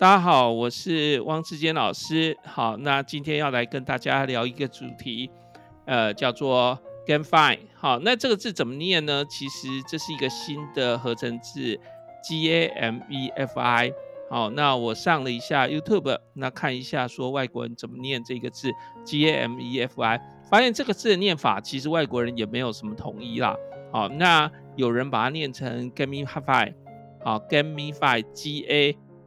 大家好，我是汪志堅老師。好，那今天要來跟大家聊一個主題，呃，叫做 “GameFi”。好，那這個字怎麼念呢？其實這是一個新的合成字，G A M E F I。好，那我上了一下 YouTube，那看一下說外國人怎麼念這個字，G A M E F I。發現這個字的念法，其實外國人也沒有什麼統一啦。好，那有人把它念成 “gamify”，好，“gamify”，G A。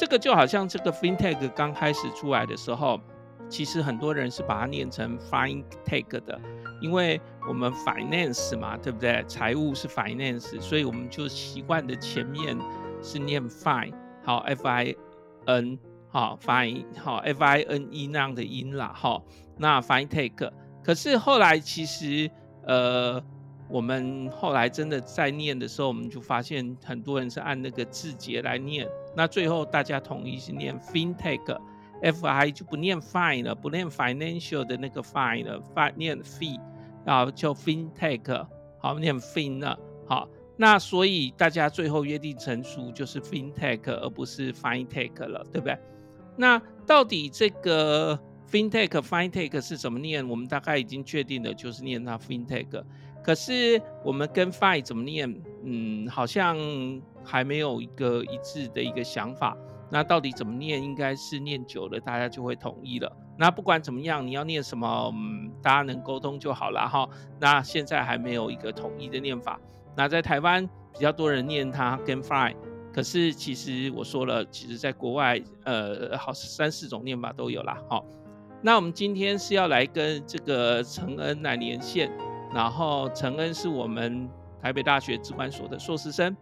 這個就好像這個 fintech 剛開始出來的時候，其實很多人是把它念成 fine tech 的，因為我們 finance 嘛，對不對？財務是 finance，所以我們就習慣的前面是念 fine，好 f i n，好 fine，好 f i n e 那樣的音啦。哈。那 fintech，可是後來其實呃。我們後來真的在念的時候，我們就發現很多人是按那個字節來念。那最後大家統一是念 fintech，fi 就不念 fine 了，不念 financial 的那個 fine 了，念 fee，啊叫 fintech，好念 fin 了，好。那所以大家最後約定成熟就是 fintech 而不是 fintech 了，對不對？那到底這個 fintech、fintech 是怎麼念？我們大概已經確定了，就是念它 fintech。可是我們 Gami-Fi 怎麼念？嗯，好像還沒有一個一致的一個想法。那到底怎麼念？應該是念久了，大家就會統一了。那不管怎麼樣，你要念什麼，嗯，大家能溝通就好了哈。那現在還沒有一個統一的念法。那在台灣比較多人念它 Gami-Fi，可是其實我說了，其實在國外，呃，好三四種念法都有啦。好，那我們今天是要來跟這個承恩來連線。然後承恩是我們台北大學資管所的碩士生，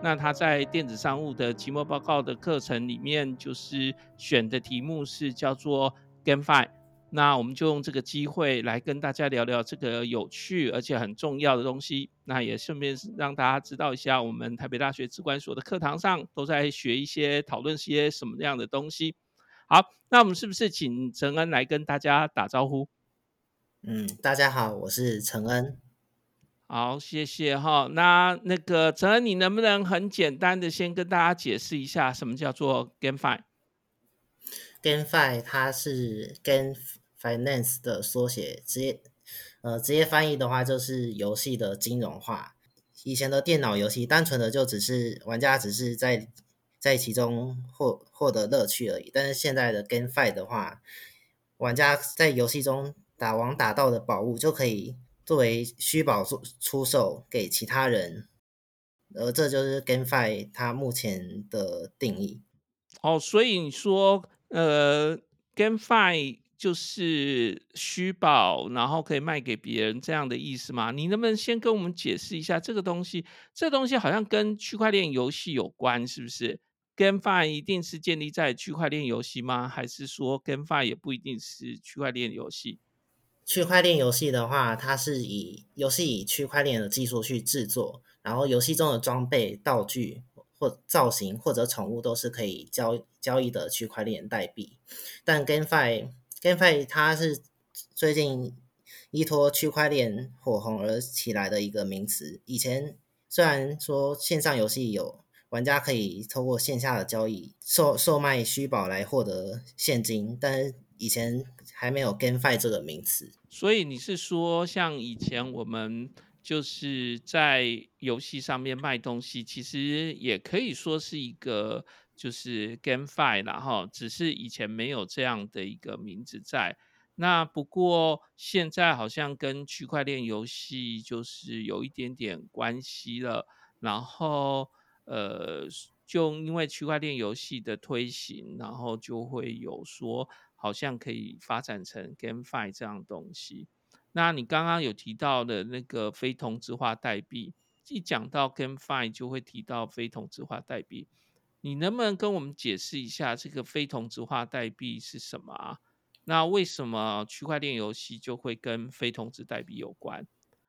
那他在電子商務的期末報告的課程裡面，就是選的題目是叫做 Gami-Fi 那我們就用這個機會來跟大家聊聊這個有趣而且很重要的東西。那也順便讓大家知道一下，我們台北大學資管所的課堂上都在學一些、討論一些什麼樣的東西。好，那我們是不是請承恩來跟大家打招呼？嗯，大家好，我是承恩。好，謝謝哈、哦。那那個承恩，你能不能很簡單的先跟大家解釋一下，什麼叫做 GameFi？GameFi 它是 Game Finance 的縮寫，直呃直接翻譯的話就是遊戲的金融化。以前的電腦遊戲單純的就只是玩家只是在在其中獲獲得樂趣而已，但是現在的 GameFi 的話，玩家在遊戲中打王打到的寶物就可以作為虛寶出出售給其他人，而這就是 GameFi 它目前的定義。哦，所以你說，呃，GameFi 就是虛寶，然後可以賣給別人這樣的意思嗎？你能不能先跟我們解釋一下這個東西？這個東西好像跟區塊鏈遊戲有關，是不是？GameFi 一定是建立在區塊鏈遊戲嗎？還是說 GameFi 也不一定是區塊鏈遊戲？區塊鏈遊戲的話，它是以遊戲以區塊鏈的技術去製作，然後遊戲中的裝備、道具或造型或者寵物都是可以交交易的區塊鏈代幣。但 GameFi GameFi 它是最近依託區塊鏈火紅而起來的一個名詞。以前雖然說線上遊戲有玩家可以透過線下的交易售售賣虛寶來獲得現金，但是以前還沒有 “GameFi” 這個名詞，所以你是說，像以前我們就是在遊戲上面賣東西，其實也可以說是一個就是 “GameFi”，然後只是以前沒有這樣的一個名字在。那不過現在好像跟區塊鏈遊戲就是有一點點關係了，然後呃，就因為區塊鏈遊戲的推行，然後就會有說。好像可以發展成 GameFi 這樣東西。那你剛剛有提到的那個非同質化代幣，一講到 GameFi 就會提到非同質化代幣。你能不能跟我們解釋一下這個非同質化代幣是什麼啊？那為什麼區塊鏈遊戲就會跟非同質代幣有關？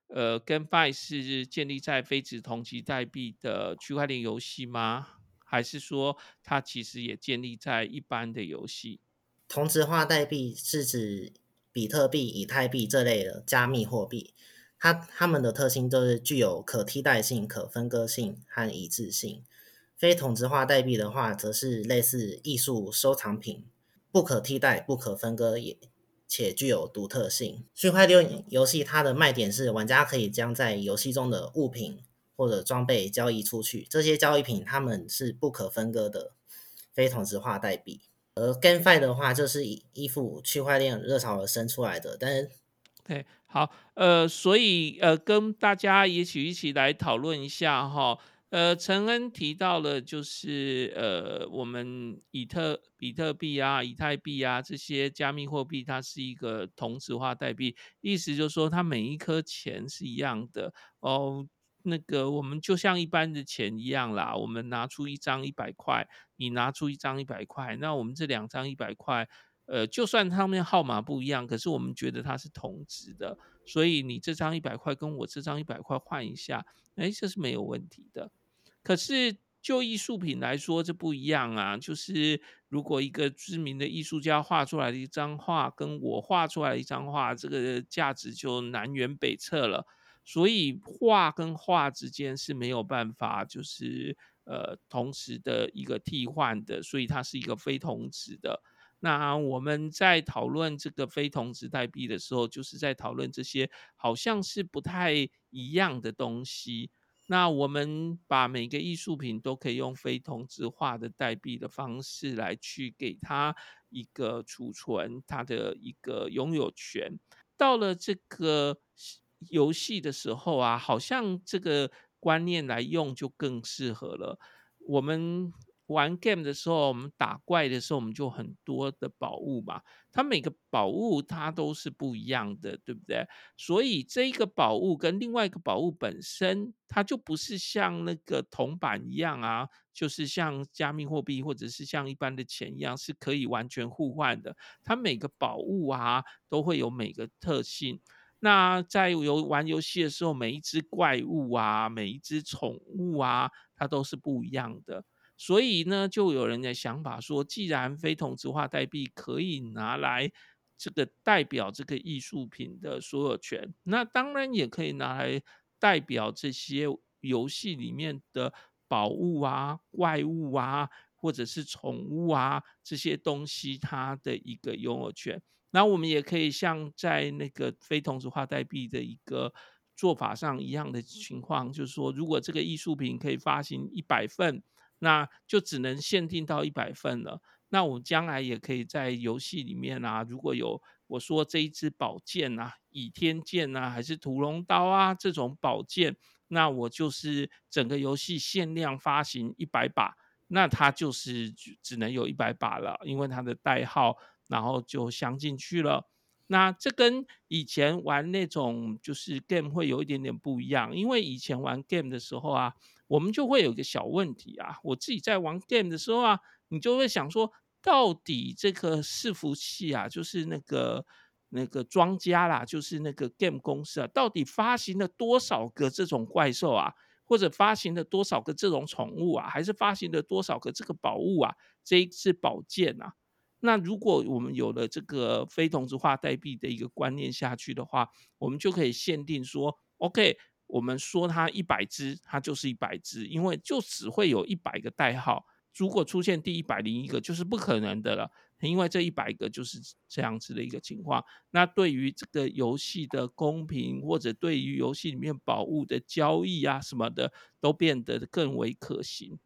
呃，GameFi 是建立在非同質代幣的區塊鏈遊戲嗎？還是說它其實也建立在一般的遊戲？同質化代幣是指比特幣、以太幣這類的加密貨幣，它它們的特性就是具有可替代性、可分割性和一致性。非同質化代幣的話，則是類似藝術收藏品，不可替代、不可分割，也且具有獨特性。區塊鏈遊戲它的賣點是，玩家可以將在遊戲中的物品或者裝備交易出去，這些交易品它們是不可分割的非同質化代幣。呃 Gami-Fi 的話就是以一副區塊鏈熱潮而生出來的，但是，對，好，呃，所以呃，跟大家一起一起來討論一下哈、哦，呃，承恩提到了就是呃，我們以特比特幣啊、以太幣啊這些加密貨幣，它是一個同質化代幣，意思就是說它每一顆錢是一樣的哦。那個我們就像一般的錢一樣啦，我們拿出一張一百塊，你拿出一張一百塊，那我們這兩張一百塊，呃，就算他們號碼不一樣，可是我們覺得它是同值的，所以你這張一百塊跟我這張一百塊換一下，哎，這是沒有問題的。可是就藝術品來說，這不一樣啊，就是如果一個知名的藝術家畫出來的一張畫，跟我畫出來的一張畫，這個價值就南轅北轍了。所以畫跟畫之間是沒有辦法，就是呃同時的一個替換的，所以它是一個非同質的。那我們在討論這個非同質代幣的時候，就是在討論這些好像是不太一樣的東西。那我們把每個藝術品都可以用非同質化的代幣的方式來去給它一個儲存，它的一個擁有權，到了這個遊戲的時候啊，好像這個觀念來用就更適合了。我們玩 game 的時候，我們打怪的時候，我們就很多的寶物嘛。它每個寶物它都是不一樣的，對不對？所以這一個寶物跟另外一個寶物本身，它就不是像那個銅板一樣啊，就是像加密貨幣或者是像一般的錢一樣，是可以完全互換的。它每個寶物啊，都會有每個特性。那在遊玩遊戲的時候，每一隻怪物啊，每一隻寵物啊，它都是不一樣的。所以呢，就有人的想法說，既然非同質化代幣可以拿來這個代表這個藝術品的所有權，那當然也可以拿來代表這些遊戲裡面的寶物啊、怪物啊，或者是寵物啊這些東西它的一個擁有權。那我們也可以像在那個非同質化代幣的一個做法上一樣的情況，就是說，如果這個藝術品可以發行一百份，那就只能限定到一百份了。那我們將來也可以在遊戲裡面啊，如果有我說這一支寶劍啊，倚天劍啊，還是屠龍刀啊這種寶劍，那我就是整個遊戲限量發行一百把，那它就是只能有一百把了，因為它的代號。然後就鑲進去了。那這跟以前玩那種就是 game 會有一點點不一樣，因為以前玩 game 的時候啊，我們就會有一個小問題啊。我自己在玩 game 的時候啊，你就會想說，到底這個伺服器啊，就是那個那個莊家啦，就是那個 game 公司啊，到底發行了多少個這種怪獸啊，或者發行了多少個這種寵物啊，還是發行了多少個這個寶物啊？這一次寶劍啊？那如果我們有了這個非同質化代幣的一個觀念下去的話，我們就可以限定說，OK，我們說它一百只，它就是一百只，因為就只會有一百個代號。如果出現第一百零一個，就是不可能的了，因為這一百個就是這樣子的一個情況。那對於這個遊戲的公平，或者對於遊戲裡面寶物的交易啊什麼的，都變得更為可行。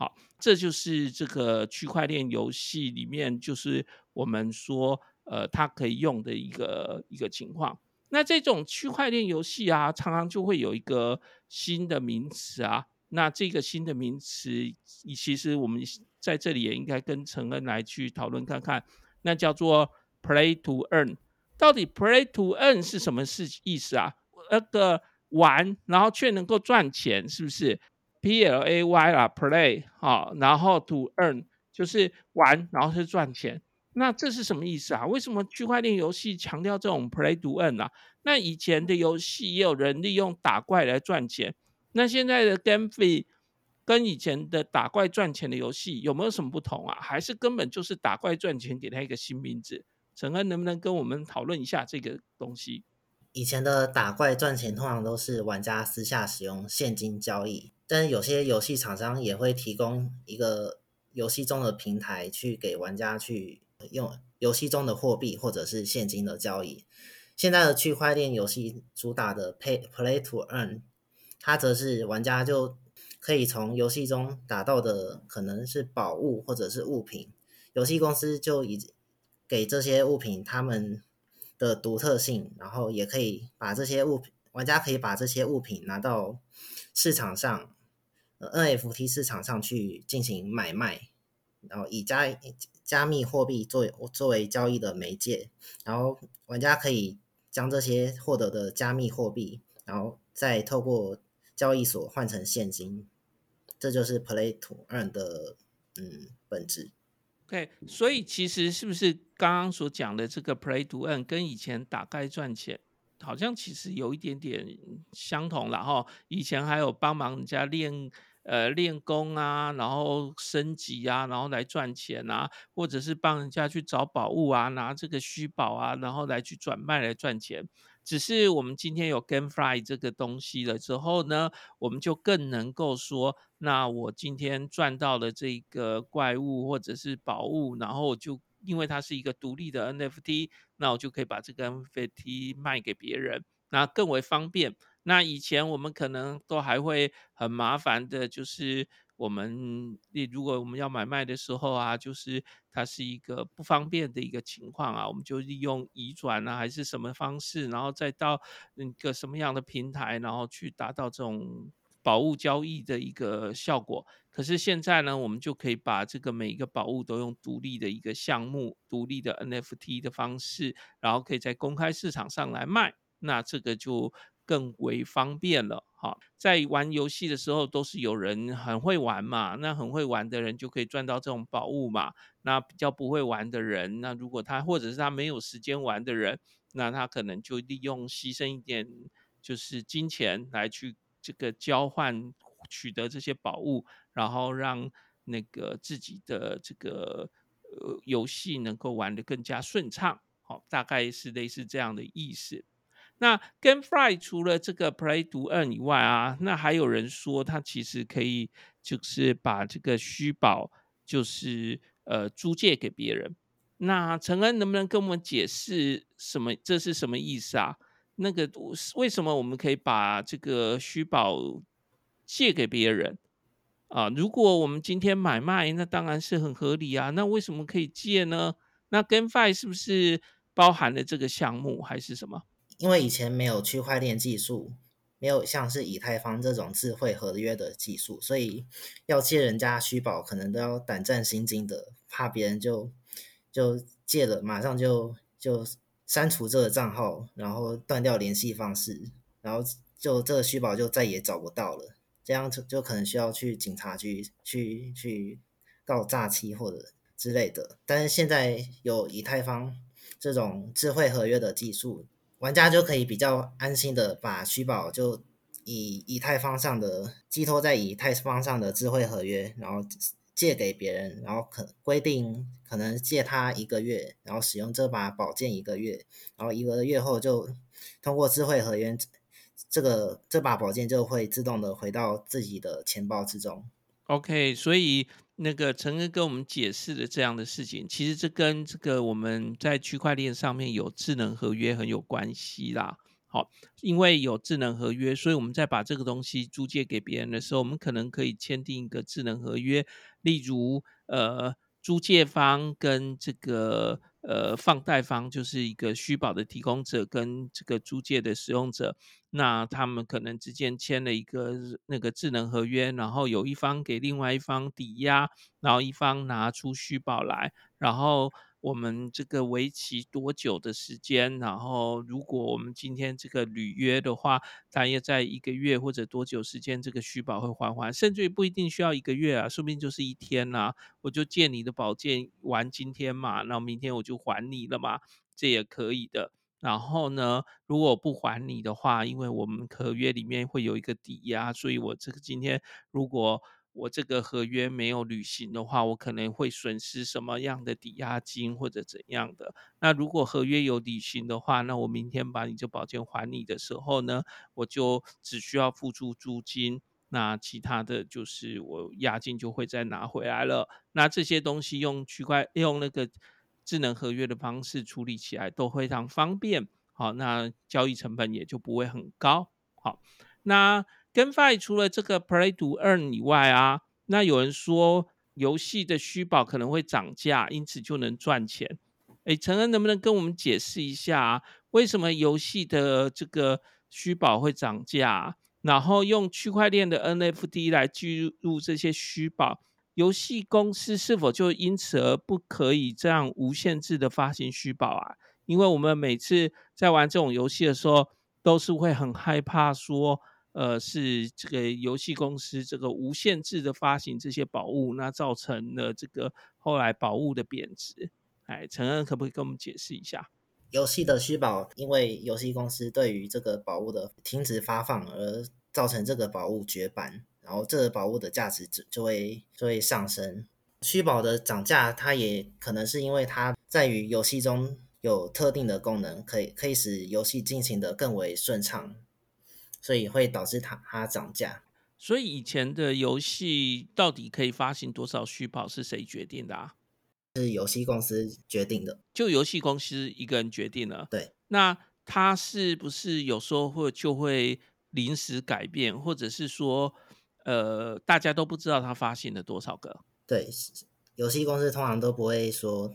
好，這就是這個區塊鏈遊戲裡面，就是我們說，呃，它可以用的一個一個情況。那這種區塊鏈遊戲啊，常常就會有一個新的名詞啊。那這個新的名詞，其實我們在這裡也應該跟承恩來去討論看看。那叫做 play to earn，到底 play to earn 是什麼事意思啊？那個玩然後卻能夠賺錢，是不是？L A、啦 play 啦，Play 啊，然後 to earn 就是玩，然後是賺錢。那這是什麼意思啊？為什麼區塊鏈遊戲強調這種 play to earn 啊？那以前的遊戲也有人利用打怪來賺錢。那現在的 Gami-Fi 跟以前的打怪賺錢的遊戲有沒有什麼不同啊？還是根本就是打怪賺錢，給他一個新名字？承恩能不能跟我們討論一下這個東西？以前的打怪賺錢通常都是玩家私下使用現金交易。但是有些遊戲廠商也會提供一個遊戲中的平台，去給玩家去用遊戲中的貨幣或者是現金的交易。現在的區塊鏈遊戲主打的 Play Play to Earn，它則是玩家就可以從遊戲中打到的可能是寶物或者是物品，遊戲公司就已經給這些物品它們的獨特性，然後也可以把這些物品，玩家可以把這些物品拿到市場上。NFT 市場上去進行買賣，然後以加加密貨幣作為作為交易的媒介，然後玩家可以將這些獲得的加密貨幣，然後再透過交易所換成現金，這就是 play to earn 的嗯本質。OK，所以其實是不是剛剛所講的這個 play to earn 跟以前打怪賺錢好像其實有一點點相同啦，然後以前還有幫忙人家練。呃，練功啊，然後升級啊，然後來賺錢啊，或者是幫人家去找寶物啊，拿這個虛寶啊，然後來去轉賣來賺錢。只是我們今天有 Gami-Fi 這個東西了之後呢，我們就更能夠說，那我今天賺到了這個怪物，或者是寶物，然後我就因為它是一個獨立的 NFT，那我就可以把這個 NFT 賣給別人，那更為方便。那以前我們可能都還會很麻煩的，就是我們如果我們要買賣的時候啊，就是它是一個不方便的一個情況啊，我們就利用移轉啊，還是什麼方式，然後再到那個什麼樣的平台，然後去達到這種寶物交易的一個效果。可是現在呢，我們就可以把這個每一個寶物都用獨立的一個項目、獨立的 NFT 的方式，然後可以在公開市場上來賣。那這個就。更為方便了，哈，在玩遊戲的時候，都是有人很會玩嘛，那很會玩的人就可以賺到這種寶物嘛。那比較不會玩的人，那如果他或者是他沒有時間玩的人，那他可能就利用犧牲一點就是金錢來去這個交換取得這些寶物，然後讓那個自己的這個呃遊戲能夠玩得更加順暢，好，大概是類似這樣的意思。那 GameFi 除了這個 Play to Earn 以外啊，那還有人說他其實可以就是把這個虛寶就是呃租借給別人。那承恩能不能跟我們解釋什麼這是什麼意思啊？那個為什麼我們可以把這個虛寶借給別人啊、呃？如果我們今天買賣，那當然是很合理啊。那為什麼可以借呢？那 GameFi 是不是包含了這個項目還是什麼？因為以前沒有區塊鏈技術，沒有像是以太坊這種智慧合約的技術，所以要借人家虛寶，可能都要膽戰心驚的，怕別人就就借了，馬上就就刪除這個賬號，然後斷掉聯繫方式，然後就這個虛寶就再也找不到了。這樣就就可能需要去警察局去去告詐欺或者之類的。但是現在有以太坊這種智慧合約的技術。玩家就可以比較安心的把虛寶就以以太坊上的寄托在以太坊上的智慧合約，然後借給別人，然後可規定可能借他一個月，然後使用這把寶劍一個月，然後一個月後就通過智慧合約，這個這把寶劍就會自動的回到自己的錢包之中。OK，所以。那個承恩跟我們解釋的這樣的事情，其實這跟這個我們在區塊鏈上面有智能合約很有關係啦。好，因為有智能合約，所以我們在把這個東西租借給別人的時候，我們可能可以簽訂一個智能合約，例如，呃，租借方跟這個。呃，放貸方就是一個虛寶的提供者，跟這個租借的使用者，那他們可能之間簽了一個那個智能合約，然後有一方給另外一方抵押，然後一方拿出虛寶來，然後。我們這個為期多久的時間？然後，如果我們今天這個履約的話，大約在一個月或者多久時間，這個虛寶會還還？甚至於不一定需要一個月啊，說不定就是一天吶、啊。我就借你的寶劍玩今天嘛，然後明天我就還你了嘛，這也可以的。然後呢，如果我不還你的話，因為我們合約裡面會有一個抵押，所以我這個今天如果我這個合約沒有履行的話，我可能會損失什麼樣的抵押金或者怎樣的？那如果合約有履行的話，那我明天把你這寶劍還你的時候呢，我就只需要付出租金，那其他的就是我押金就會再拿回來了。那這些東西用區塊用那個智能合約的方式處理起來都非常方便，好，那交易成本也就不會很高，好，那。跟 Fi 除了這個 Play to Earn 以外啊，那有人說遊戲的虛寶可能會漲價，因此就能賺錢。誒，承恩能不能跟我們解釋一下啊，為什麼遊戲的這個虛寶會漲價？然後用區塊鏈的 NFT 來記錄這些虛寶。遊戲公司是否就因此而不可以這樣無限制的發行虛寶啊？因為我們每次在玩這種遊戲的時候，都是會很害怕說。呃，是這個遊戲公司這個無限制的發行這些寶物，那造成了這個後來寶物的貶值。哎，承恩可不可以跟我們解釋一下？遊戲的虛寶，因為遊戲公司對於這個寶物的停止發放而造成這個寶物絕版，然後這個寶物的價值就就會就會上升。虛寶的漲價，它也可能是因為它在於遊戲中有特定的功能，可以可以使遊戲進行得更為順暢。所以會導致它它漲價。所以以前的遊戲到底可以發行多少虛寶是誰決定的啊？是遊戲公司決定的，就遊戲公司一個人決定了。對，那他是不是有時候會就會臨時改變，或者是說，呃，大家都不知道他發行了多少個？對，遊戲公司通常都不會說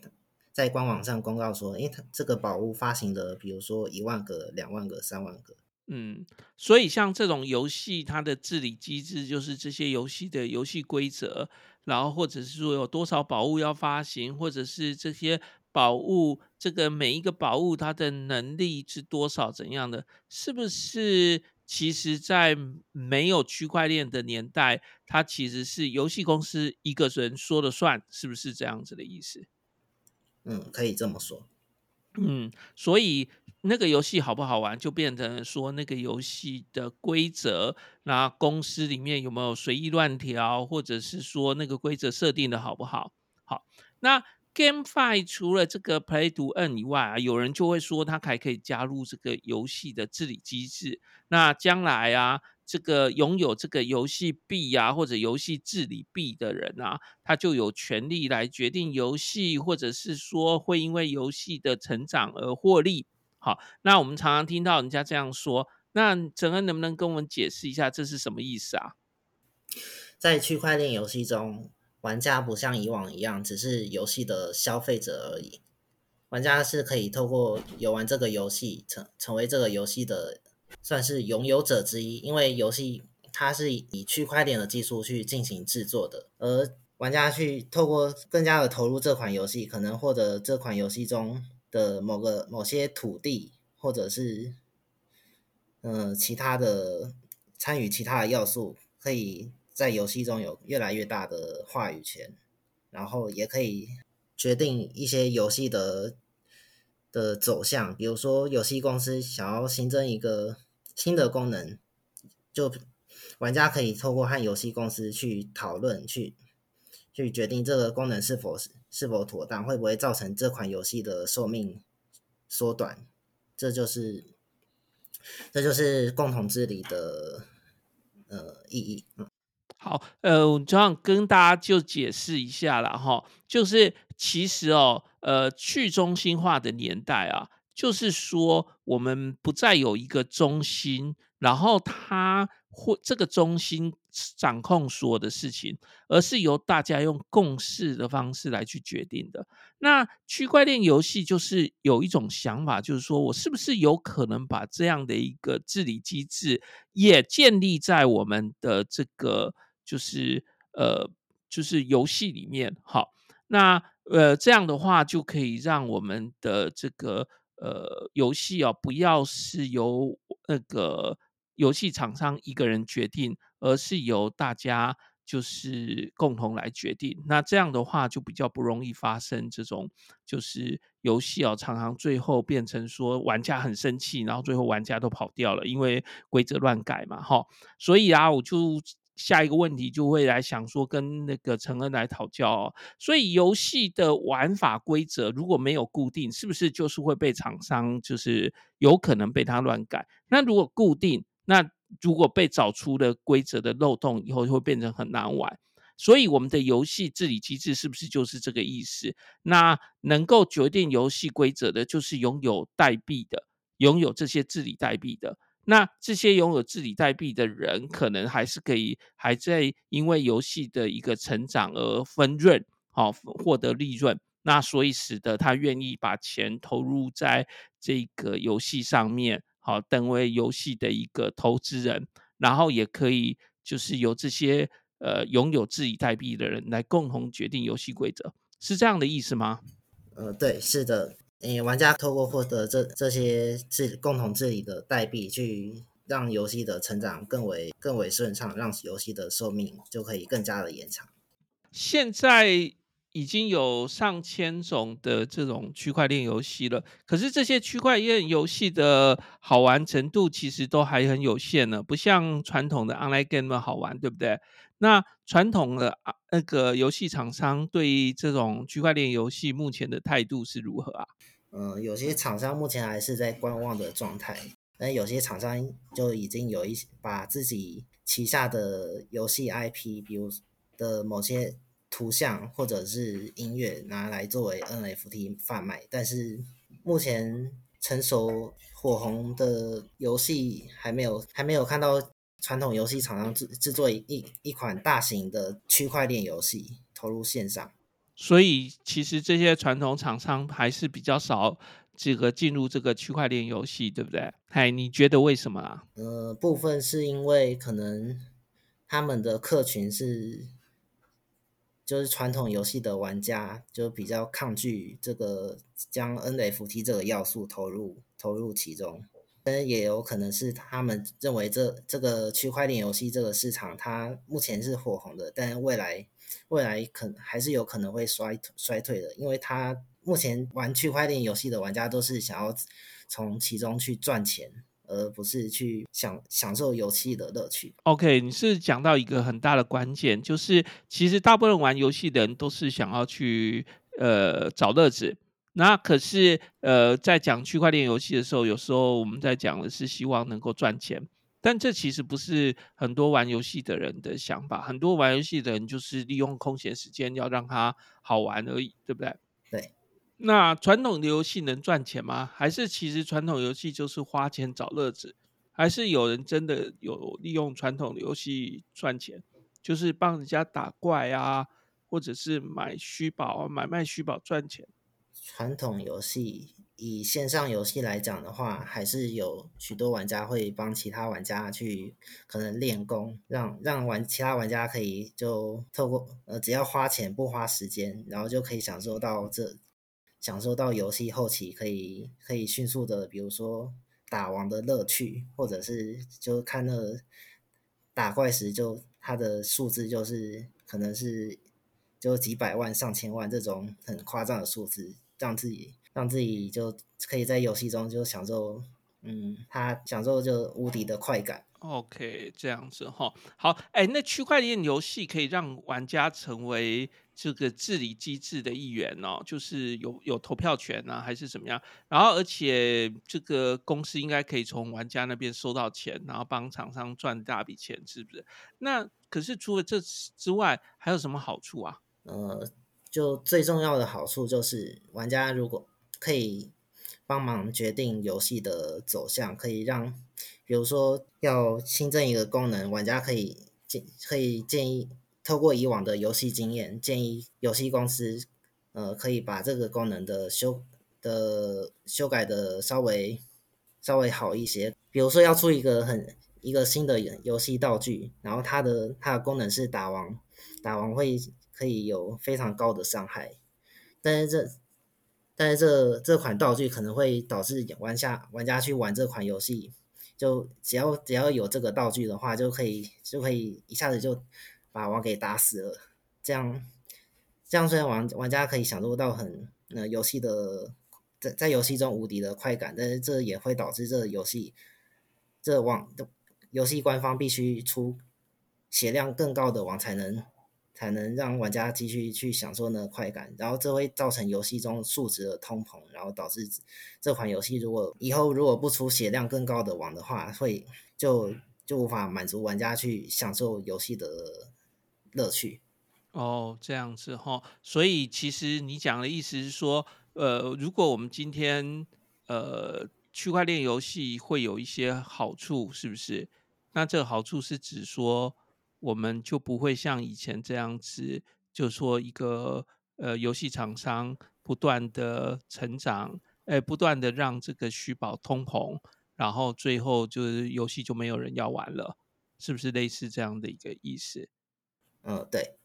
在官網上公告說，因為他這個寶物發行的，比如說一萬個、兩萬個、三萬個。嗯，所以像這種遊戲，它的治理機制就是這些遊戲的遊戲規則，然後或者是說有多少寶物要發行，或者是這些寶物這個每一個寶物它的能力是多少怎樣的，是不是？其實，在沒有區塊鏈的年代，它其實是遊戲公司一個人說了算，是不是這樣子的意思？嗯，可以這麼說。嗯，所以。那個遊戲好不好玩，就變成說那個遊戲的規則，那公司裡面有沒有隨意亂調，或者是說那個規則設定的好不好？好，那 GameFi 除了這個 Play to Earn 以外啊，有人就會說他還可以加入這個遊戲的治理機制。那將來啊，這個擁有這個遊戲幣啊，或者遊戲治理幣的人啊，他就有權利來決定遊戲，或者是說會因為遊戲的成長而獲利。好，那我們常常聽到人家這樣說，那承恩能不能跟我們解釋一下這是什麼意思啊？在區塊鏈遊戲中，玩家不像以往一樣只是遊戲的消費者而已。玩家是可以透過遊玩這個遊戲成成為這個遊戲的算是擁有者之一，因為遊戲它是以區塊鏈的技術去進行製作的，而玩家去透過更加的投入這款遊戲，可能獲得這款遊戲中。的某個某些土地，或者是，呃，其他的參與其他的要素，可以在遊戲中有越來越大的話語權，然後也可以決定一些遊戲的的走向。比如說，遊戲公司想要新增一個新的功能，就玩家可以透過和遊戲公司去討論，去去決定這個功能是否是。是否妥當？會不會造成這款遊戲的壽命縮短？這就是，這就是共同治理的呃意義。好，呃，我想跟大家就解釋一下了哈。就是其實哦，呃，去中心化的年代啊，就是說我們不再有一個中心，然後它會這個中心。掌控所有的事情，而是由大家用共識的方式來去決定的。那區塊鏈遊戲就是有一種想法，就是說我是不是有可能把這樣的一個治理機制也建立在我們的這個，就是呃，就是遊戲裡面？好，那呃，這樣的話就可以讓我們的這個呃遊戲啊、哦，不要是由那個遊戲廠商一個人決定。而是由大家就是共同來決定，那這樣的話就比較不容易發生這種就是遊戲哦，常常最後變成說玩家很生氣，然後最後玩家都跑掉了，因為規則亂改嘛，哈、哦。所以啊，我就下一個問題就會來想說，跟那個承恩來討教哦。所以遊戲的玩法規則如果沒有固定，是不是就是會被廠商就是有可能被他亂改？那如果固定，那？如果被找出了規則的漏洞以後，就會變成很難玩。所以，我們的遊戲治理機制是不是就是這個意思？那能夠決定遊戲規則的，就是擁有代幣的，擁有這些治理代幣的。那這些擁有治理代幣的人，可能還是可以還在因為遊戲的一個成長而分潤，好、哦、獲得利潤。那所以使得他願意把錢投入在這個遊戲上面。好，等為遊戲的一個投資人，然後也可以就是由這些呃擁有治理代幣的人來共同決定遊戲規則，是這樣的意思嗎？呃，對，是的，誒、欸，玩家透過獲得這這些治共同治理的代幣，去讓遊戲的成長更為更為順暢，讓遊戲的壽命就可以更加的延長。現在。已經有上千種的這種區塊鏈遊戲了，可是這些區塊鏈遊戲的好玩程度其實都還很有限呢，不像傳統的 online game 那麼好玩，對不對？那傳統的那、呃、個遊戲廠商對於這種區塊鏈遊戲目前的態度是如何啊？嗯、呃，有些廠商目前還是在觀望的狀態，但有些廠商就已經有一些把自己旗下的遊戲 IP，比如說的某些。圖像或者是音樂拿來作為 NFT 販賣，但是目前成熟火紅的遊戲還沒有還沒有看到傳統遊戲廠商製製作一一款大型的區塊鏈遊戲投入線上，所以其實這些傳統廠商還是比較少這個進入這個區塊鏈遊戲，對不對？哎，你覺得為什麼啊？呃，部分是因為可能他們的客群是。就是傳統遊戲的玩家，就比較抗拒這個將 NFT 這個要素投入投入其中。嗯，也有可能是他們認為這這個區塊鏈遊戲這個市場，它目前是火紅的，但未來未來可還是有可能會衰衰退衰退的，因為它目前玩區塊鏈遊戲的玩家都是想要從其中去賺錢。而不是去享享受遊戲的樂趣。OK，你是講到一個很大的關鍵，就是其實大部分玩遊戲的人都是想要去呃找樂子。那可是呃在講區塊鏈遊戲的時候，有時候我們在講的是希望能夠賺錢，但這其實不是很多玩遊戲的人的想法。很多玩遊戲的人就是利用空閒時間要讓它好玩而已，對不對？那傳統的遊戲能賺錢嗎？還是其實傳統遊戲就是花錢找樂子？還是有人真的有利用傳統遊戲賺錢？就是幫人家打怪啊，或者是買虛寶、買賣虛寶賺錢？傳統遊戲以線上遊戲來講的話，還是有許多玩家會幫其他玩家去可能練功，讓讓玩其他玩家可以就透過，呃，只要花錢不花時間，然後就可以享受到這。享受到遊戲後期可以可以迅速的，比如說打王的樂趣，或者是就看那打怪時就它的數字就是可能是就幾百萬上千萬這種很誇張的數字，讓自己讓自己就可以在遊戲中就享受，嗯，他享受就無敵的快感。OK，這樣子哈，好，欸，那區塊鏈遊戲可以讓玩家成為。這個治理機制的一員哦，就是有有投票權啊，還是怎麼樣？然後，而且這個公司應該可以從玩家那邊收到錢，然後幫廠商賺大筆錢，是不是？那可是除了這之外，還有什麼好處啊？呃，就最重要的好處就是，玩家如果可以幫忙決定遊戲的走向，可以讓，比如說要新增一個功能，玩家可以建可以建議。透過以往的遊戲經驗，建議遊戲公司，呃，可以把這個功能的修的修改的稍微稍微好一些。比如說，要出一個很一個新的遊戲道具，然後它的它的功能是打王，打王會可以有非常高的傷害，但是這但是這這款道具可能會導致玩家玩家去玩這款遊戲，就只要只要有這個道具的話，就可以就可以一下子就。把王給打死了，這樣這樣雖然玩玩家可以享受到很呃遊戲的在在遊戲中無敵的快感，但是這也會導致這個遊戲這網這遊戲官方必須出血量更高的網才能才能讓玩家繼續去享受那快感，然後這會造成遊戲中數值的通膨，然後導致這款遊戲如果以後如果不出血量更高的網的話，會就就無法滿足玩家去享受遊戲的樂趣哦，oh, 這樣子哈，所以其實你講的意思是說，呃，如果我們今天呃區塊鏈遊戲會有一些好處，是不是？那這個好處是指說，我們就不會像以前這樣子，就說一個呃遊戲廠商不斷的成長，哎、呃，不斷的讓這個虛寶通膨，然後最後就是遊戲就沒有人要玩了，是不是類似這樣的一個意思？嗯、哦，對。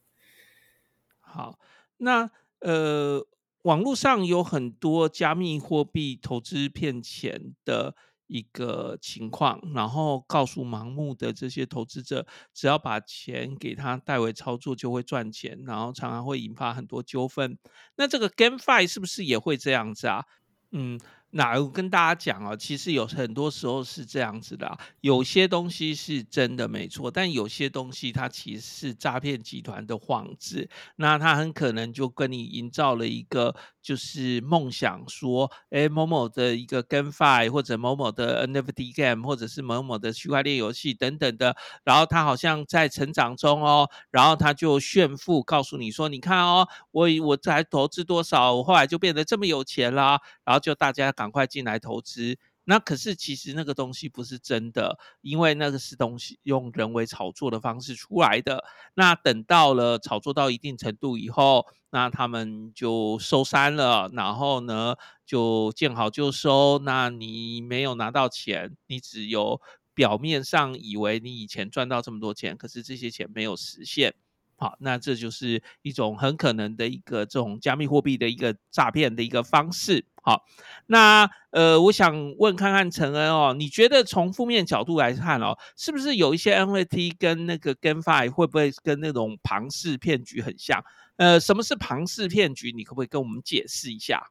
好，那呃，網絡上有很多加密貨幣投資騙錢的一個情況，然後告訴盲目的這些投資者，只要把錢給他代為操作就會賺錢，然後常常會引發很多糾紛。那這個 GameFi 是不是也會這樣子啊？嗯。那我跟大家講啊，其實有很多時候是這樣子的啊，有些東西是真的沒錯，但有些東西它其實是詐騙集團的幌子，那他很可能就跟你營造了一個。就是夢想說，哎、欸，某某的一個 GameFi 或者某某的 NFT Game，或者是某某的區塊鏈遊戲等等的，然後他好像在成長中哦，然後他就炫富，告訴你說，你看哦，我我才投資多少，我後來就變得這麼有錢啦，然後就大家趕快進來投資。那可是其實那個東西不是真的，因為那個是東西用人為炒作的方式出來的。那等到了炒作到一定程度以後，那他們就收山了，然後呢就見好就收。那你沒有拿到錢，你只有表面上以為你以前賺到這麼多錢，可是這些錢沒有實現。好，那這就是一種很可能的一個這種加密貨幣的一個詐騙的一個方式。好，那呃，我想問看看承恩哦，你覺得從負面角度來看哦，是不是有一些 NFT 跟那個 GameFi 會不會跟那種龐氏騙局很像？呃，什麼是龐氏騙局？你可不可以跟我們解釋一下？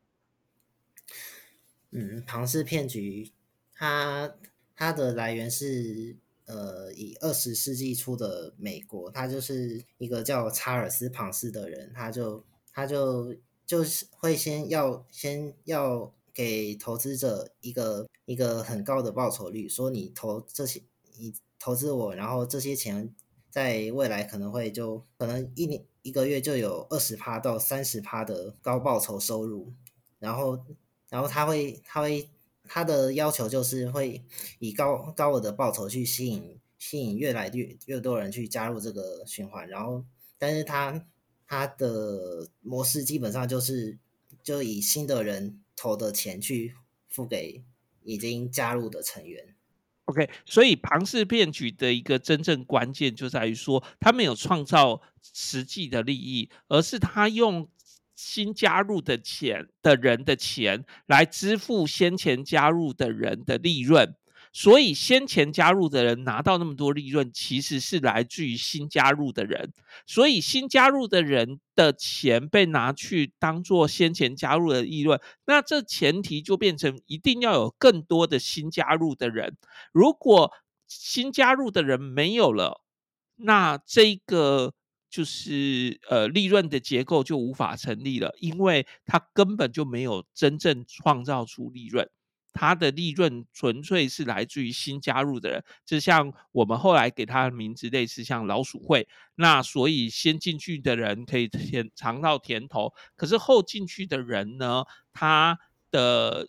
嗯，龐氏騙局它它的來源是呃，以二十世紀初的美國，他就是一個叫查爾斯龐氏的人，他就他就。就是會先要先要給投資者一個一個很高的報酬率，說你投這些你投資我，然後這些錢在未來可能會就可能一年一個月就有二十趴到三十趴的高報酬收入，然後然後他會他會他的要求就是會以高高額的報酬去吸引吸引越來越越多人去加入這個循環，然後但是他。他的模式基本上就是，就以新的人投的錢去付給已經加入的成員。OK，所以龐氏騙局的一個真正關鍵就在於說，他沒有創造實際的利益，而是他用新加入的錢的人的錢來支付先前加入的人的利潤。所以，先前加入的人拿到那麼多利潤，其實是來自於新加入的人。所以，新加入的人的錢被拿去當做先前加入的利潤。那這前提就變成一定要有更多的新加入的人。如果新加入的人沒有了，那這個就是呃利潤的結構就無法成立了，因為他根本就沒有真正創造出利潤。它的利潤純粹是來自於新加入的人，就像我們後來給它的名字類似像老鼠會，那所以先進去的人可以先嚐到甜頭，可是後進去的人呢，他的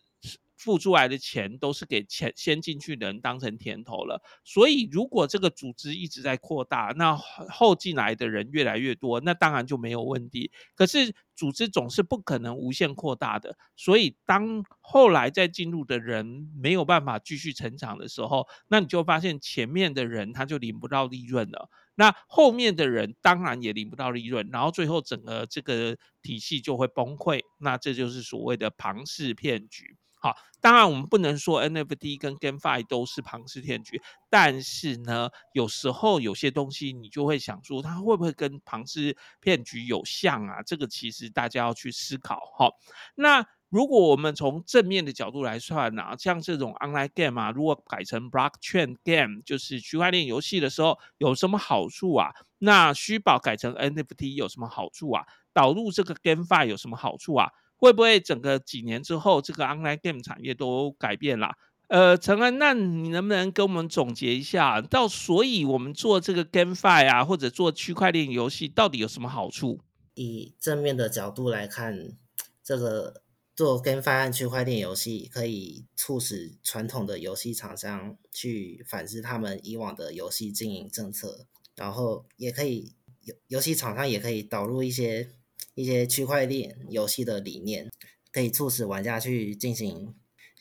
付出來的錢都是給錢先進去的人當成甜頭了，所以如果這個組織一直在擴大，那後進來的人越來越多，那當然就沒有問題。可是組織總是不可能無限擴大的，所以當後來再進入的人沒有辦法繼續成長的時候，那你就發現前面的人他就領不到利潤了，那後面的人當然也領不到利潤，然後最後整個這個體系就會崩潰。那這就是所謂的龐氏騙局。好，當然我們不能說 NFT 跟 GameFi 都是龐氏騙局，但是呢，有時候有些東西你就會想說，它會不會跟龐氏騙局有像啊？這個其實大家要去思考。好，哦，那如果我們從正面的角度來算呢，啊，像這種 Online Game 啊，如果改成 Blockchain Game，就是區塊鏈遊戲的時候，有什麼好處啊？那虛寶改成 NFT 有什麼好處啊？導入這個 GameFi 有什麼好處啊？會不會整個幾年之後，這個 online game 產業都改變了？呃，承恩，那你能不能給我們總結一下？到，所以我們做這個 GameFi 啊，或者做區塊鏈遊戲，到底有什麼好處？以正面的角度來看，這個做 GameFi 區塊鏈遊戲，可以促使傳統的遊戲廠商去反思他們以往的遊戲經營政策，然後也可以遊遊戲廠商也可以導入一些。一些區塊鏈遊戲的理念，可以促使玩家去進行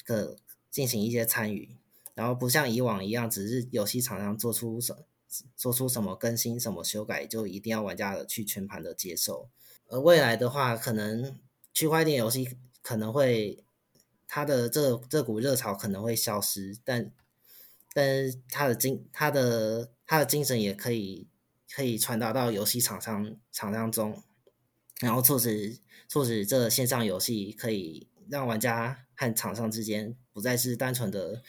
可進行一些參與，然後不像以往一樣，只是遊戲廠商做出什做出什麼更新、什麼修改，就一定要玩家的去全盤的接受。而未來的話，可能區塊鏈遊戲可能會，它的這這股熱潮可能會消失，但但是它的精、它的它的精神也可以可以傳達到遊戲廠商廠商中。然後促使促使這個線上遊戲可以讓玩家和廠商之間不再是單純的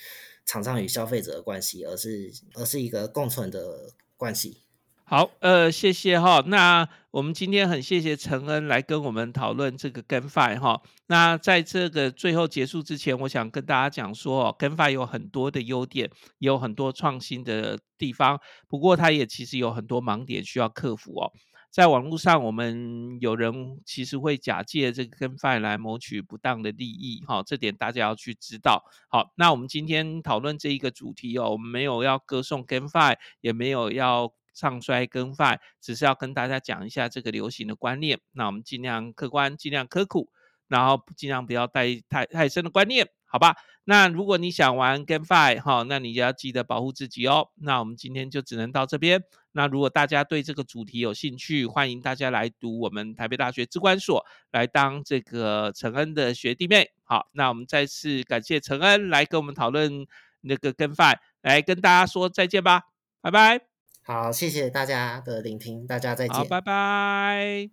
廠商與消費者的關係，而是而是一個共存的關係。好，呃，謝謝哈、哦。那我們今天很謝謝承恩來跟我們討論這個 GameFi 哈。那在這個最後結束之前，我想跟大家講說、哦，GameFi 有很多的優點，有很多創新的地方，不過它也其實有很多盲點需要克服哦。在網絡上，我們有人其實會假借這個 GameFi 來謀取不當的利益，哈，這點大家要去知道。好，那我們今天討論這一個主題哦、喔，我們沒有要歌頌 GameFi 也沒有要唱衰 GameFi，只是要跟大家講一下這個流行的觀念。那我們盡量客觀，盡量科普，然後盡量不要帶太太深的觀念，好吧？那如果你想玩 GameFi 哈，那你就要記得保護自己哦、喔。那我們今天就只能到這邊。那如果大家對這個主題有興趣，歡迎大家來讀我們台北大學資管所，來當這個承恩的學弟妹。好，那我們再次感謝承恩來跟我們討論那個 Gami-Fi，來跟大家說再見吧，拜拜。好，謝謝大家的聆聽，大家再見。好，拜拜。